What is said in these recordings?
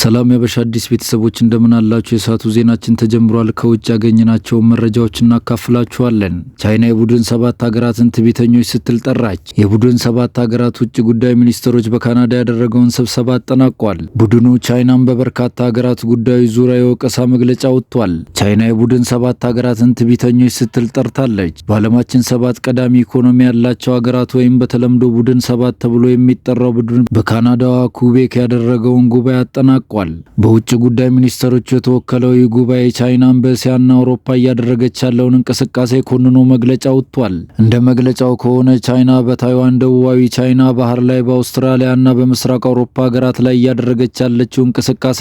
ሰላም ያበሻ አዲስ ቤተሰቦች እንደምን አላችሁ? የሰዓቱ ዜናችን ተጀምሯል። ከውጭ ያገኘናቸውን መረጃዎች እናካፍላችኋለን። ቻይና የቡድን ሰባት ሀገራትን ትዕቢተኞች ስትል ጠራች። የቡድን ሰባት ሀገራት ውጭ ጉዳይ ሚኒስትሮች በካናዳ ያደረገውን ስብሰባ አጠናቋል። ቡድኑ ቻይናን በበርካታ ሀገራት ጉዳዮች ዙሪያ የወቀሳ መግለጫ ወጥቷል። ቻይና የቡድን ሰባት ሀገራትን ትዕቢተኞች ስትል ጠርታለች። በዓለማችን ሰባት ቀዳሚ ኢኮኖሚ ያላቸው ሀገራት ወይም በተለምዶ ቡድን ሰባት ተብሎ የሚጠራው ቡድን በካናዳዋ ኩቤክ ያደረገውን ጉባኤ አጠናቋል። አስጠንቅቋል። በውጭ ጉዳይ ሚኒስተሮቹ የተወከለው ይህ ጉባኤ ቻይናን በእስያና አውሮፓ እያደረገች ያለውን እንቅስቃሴ ኮንኖ መግለጫ ወጥቷል። እንደ መግለጫው ከሆነ ቻይና በታይዋን ደቡባዊ ቻይና ባህር ላይ በአውስትራሊያና በምስራቅ አውሮፓ ሀገራት ላይ እያደረገች ያለችው እንቅስቃሴ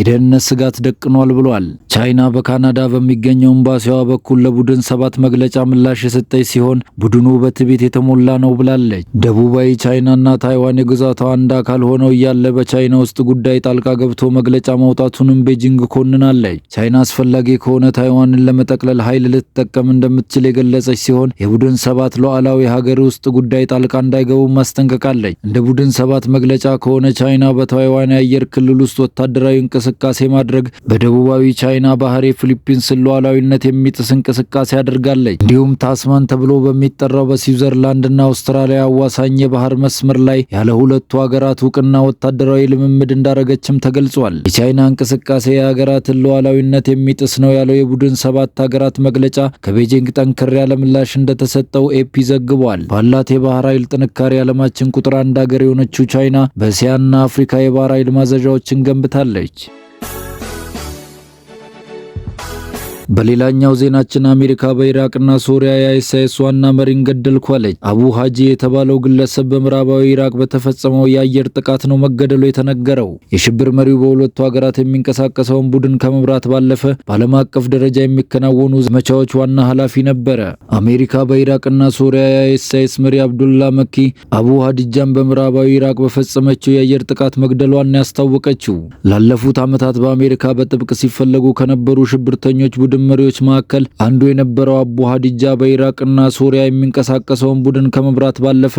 የደህንነት ስጋት ደቅኗል ብሏል። ቻይና በካናዳ በሚገኘው ኤምባሲዋ በኩል ለቡድን ሰባት መግለጫ ምላሽ የሰጠች ሲሆን ቡድኑ በትዕቢት የተሞላ ነው ብላለች። ደቡባዊ ቻይናና ታይዋን የግዛቷ አንድ አካል ሆነው እያለ በቻይና ውስጥ ጉዳይ ጣልቃ ገብቶ መግለጫ ማውጣቱንም ቤጂንግ ኮንናለች። ቻይና አስፈላጊ ከሆነ ታይዋንን ለመጠቅለል ኃይል ልትጠቀም እንደምትችል የገለጸች ሲሆን የቡድን ሰባት ሉዓላዊ ሀገር ውስጥ ጉዳይ ጣልቃ እንዳይገቡ ማስጠንቀቃለች። እንደ ቡድን ሰባት መግለጫ ከሆነ ቻይና በታይዋን የአየር ክልል ውስጥ ወታደራዊ እንቅስቃሴ ማድረግ፣ በደቡባዊ ቻይና ባህር የፊሊፒንስን ሉዓላዊነት የሚጥስ እንቅስቃሴ አድርጋለች። እንዲሁም ታስማን ተብሎ በሚጠራው በስዊዘርላንድና አውስትራሊያ አዋሳኝ የባህር መስመር ላይ ያለ ሁለቱ ሀገራት እውቅና ወታደራዊ ልምምድ እንዳረገችም ተገ ተገልጿል። የቻይና እንቅስቃሴ የሀገራትን ሉዓላዊነት የሚጥስ ነው ያለው የቡድን ሰባት ሀገራት መግለጫ ከቤጂንግ ጠንከር ያለ ምላሽ እንደተሰጠው ኤፒ ዘግቧል። ባላት የባህር ኃይል ጥንካሬ ዓለማችን ቁጥር አንድ ሀገር የሆነችው ቻይና በእስያና አፍሪካ የባህር ኃይል ማዘዣዎችን ገንብታለች። በሌላኛው ዜናችን አሜሪካ በኢራቅና ሶሪያ የአይሳይስ ዋና መሪን ገደልኩ አለች። አቡ ሀጂ የተባለው ግለሰብ በምዕራባዊ ኢራቅ በተፈጸመው የአየር ጥቃት ነው መገደሉ የተነገረው። የሽብር መሪው በሁለቱ ሀገራት የሚንቀሳቀሰውን ቡድን ከመምራት ባለፈ በዓለም አቀፍ ደረጃ የሚከናወኑ ዘመቻዎች ዋና ኃላፊ ነበረ። አሜሪካ በኢራቅና ሶሪያ የአይሳይስ መሪ አብዱላ መኪ አቡ ሀዲጃን በምዕራባዊ ኢራቅ በፈጸመችው የአየር ጥቃት መግደሏን ያስታወቀችው ላለፉት ዓመታት በአሜሪካ በጥብቅ ሲፈለጉ ከነበሩ ሽብርተኞች ቡድን የቡድን መሪዎች መካከል አንዱ የነበረው አቡ ሀዲጃ በኢራቅና ሶሪያ የሚንቀሳቀሰውን ቡድን ከመምራት ባለፈ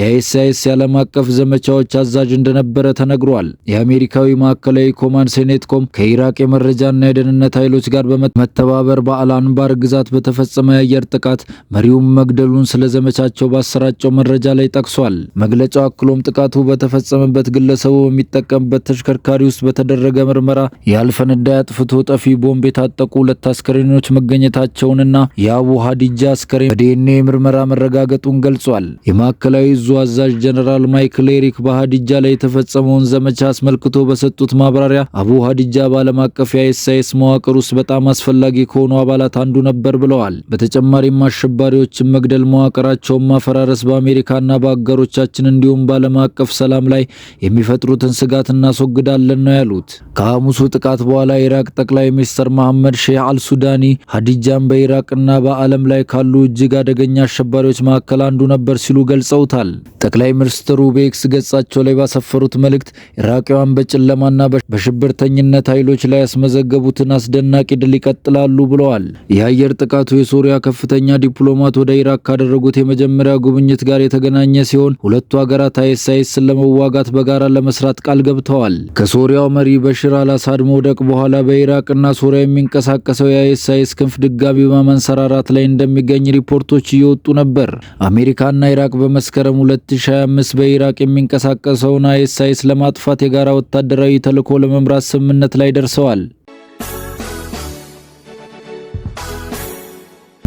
የአይኤስአይኤስ የዓለም አቀፍ ዘመቻዎች አዛዥ እንደነበረ ተነግሯል። የአሜሪካዊ ማዕከላዊ ኮማንድ ሴኔትኮም ከኢራቅ የመረጃና የደህንነት ኃይሎች ጋር በመተባበር በአልአንባር ግዛት በተፈጸመ የአየር ጥቃት መሪውን መግደሉን ስለ ዘመቻቸው ባሰራጨው መረጃ ላይ ጠቅሷል። መግለጫው አክሎም ጥቃቱ በተፈጸመበት ግለሰቡ በሚጠቀምበት ተሽከርካሪ ውስጥ በተደረገ ምርመራ ያልፈነዳ አጥፍቶ ጠፊ ቦምብ የታጠቁ ሁለት አስከሬኖች መገኘታቸውንና የአቡ ሀዲጃ አስከሬን በዲኤንኤ ምርመራ መረጋገጡን ገልጿል። የማዕከላዊ እዙ አዛዥ ጀነራል ማይክል ኤሪክ በሀዲጃ ላይ የተፈጸመውን ዘመቻ አስመልክቶ በሰጡት ማብራሪያ አቡ ሀዲጃ በዓለም አቀፍ የአይኤስአይኤስ መዋቅር ውስጥ በጣም አስፈላጊ ከሆኑ አባላት አንዱ ነበር ብለዋል። በተጨማሪም አሸባሪዎችን መግደል፣ መዋቅራቸውን ማፈራረስ በአሜሪካና በአጋሮቻችን እንዲሁም በዓለም አቀፍ ሰላም ላይ የሚፈጥሩትን ስጋት እናስወግዳለን ነው ያሉት። ከሐሙሱ ጥቃት በኋላ ኢራቅ ጠቅላይ ሚኒስትር መሐመድ ሼህ አልሱ ሱዳኒ ሀዲጃን በኢራቅና በዓለም ላይ ካሉ እጅግ አደገኛ አሸባሪዎች መካከል አንዱ ነበር ሲሉ ገልጸውታል። ጠቅላይ ሚኒስትሩ በኤክስ ገጻቸው ላይ ባሰፈሩት መልእክት ኢራቂዋን በጨለማና በሽብርተኝነት ኃይሎች ላይ ያስመዘገቡትን አስደናቂ ድል ይቀጥላሉ ብለዋል። የአየር ጥቃቱ የሶሪያ ከፍተኛ ዲፕሎማት ወደ ኢራቅ ካደረጉት የመጀመሪያ ጉብኝት ጋር የተገናኘ ሲሆን ሁለቱ ሀገራት አይኤስአይስን ለመዋጋት በጋራ ለመስራት ቃል ገብተዋል። ከሶሪያው መሪ በሽር አልአሳድ መውደቅ በኋላ በኢራቅና ሶሪያ የሚንቀሳቀሰው የኢሳያስ ክንፍ ድጋሚ በመንሰራራት ላይ እንደሚገኝ ሪፖርቶች እየወጡ ነበር። አሜሪካና ኢራቅ በመስከረም 2025 በኢራቅ የሚንቀሳቀሰውን አይኤስ ለማጥፋት የጋራ ወታደራዊ ተልዕኮ ለመምራት ስምምነት ላይ ደርሰዋል።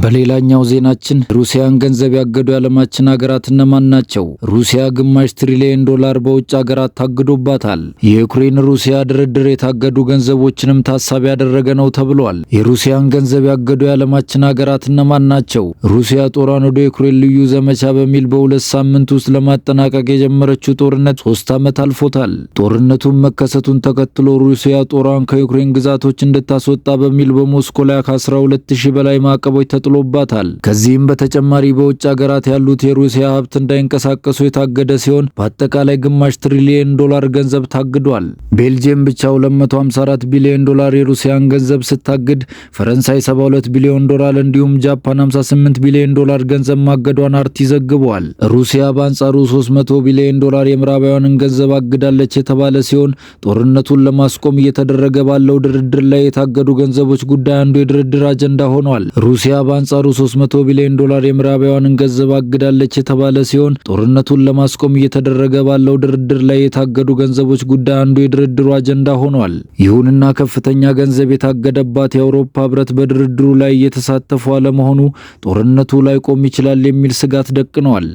በሌላኛው ዜናችን ሩሲያን ገንዘብ ያገዱ የዓለማችን ሀገራት እነማን ናቸው? ሩሲያ ግማሽ ትሪሊየን ዶላር በውጭ ሀገራት ታግዶባታል። የዩክሬን ሩሲያ ድርድር የታገዱ ገንዘቦችንም ታሳቢ ያደረገ ነው ተብሏል። የሩሲያን ገንዘብ ያገዱ የዓለማችን ሀገራት እነማን ናቸው? ሩሲያ ጦሯን ወደ ዩክሬን ልዩ ዘመቻ በሚል በሁለት ሳምንት ውስጥ ለማጠናቀቅ የጀመረችው ጦርነት ሶስት ዓመት አልፎታል። ጦርነቱን መከሰቱን ተከትሎ ሩሲያ ጦሯን ከዩክሬን ግዛቶች እንድታስወጣ በሚል በሞስኮ ላይ ከ12 ሺህ በላይ ማዕቀቦች ተጥሎባታል። ከዚህም በተጨማሪ በውጭ ሀገራት ያሉት የሩሲያ ሀብት እንዳይንቀሳቀሱ የታገደ ሲሆን በአጠቃላይ ግማሽ ትሪሊየን ዶላር ገንዘብ ታግዷል። ቤልጅየም ብቻ 254 ቢሊዮን ዶላር የሩሲያን ገንዘብ ስታግድ ፈረንሳይ 72 ቢሊዮን ዶላር እንዲሁም ጃፓን 58 ቢሊዮን ዶላር ገንዘብ ማገዷን አርቲ ዘግቧል። ሩሲያ በአንጻሩ 300 ቢሊዮን ዶላር የምዕራባውያንን ገንዘብ አግዳለች የተባለ ሲሆን ጦርነቱን ለማስቆም እየተደረገ ባለው ድርድር ላይ የታገዱ ገንዘቦች ጉዳይ አንዱ የድርድር አጀንዳ ሆኗል። ሩሲያ በአንጻሩ 300 ቢሊዮን ዶላር የምዕራባውያንን ገንዘብ አግዳለች የተባለ ሲሆን ጦርነቱን ለማስቆም እየተደረገ ባለው ድርድር ላይ የታገዱ ገንዘቦች ጉዳይ አንዱ የድርድሩ አጀንዳ ሆኗል። ይሁንና ከፍተኛ ገንዘብ የታገደባት የአውሮፓ ህብረት በድርድሩ ላይ እየተሳተፉ አለመሆኑ ጦርነቱ ላይቆም ይችላል የሚል ስጋት ደቅነዋል።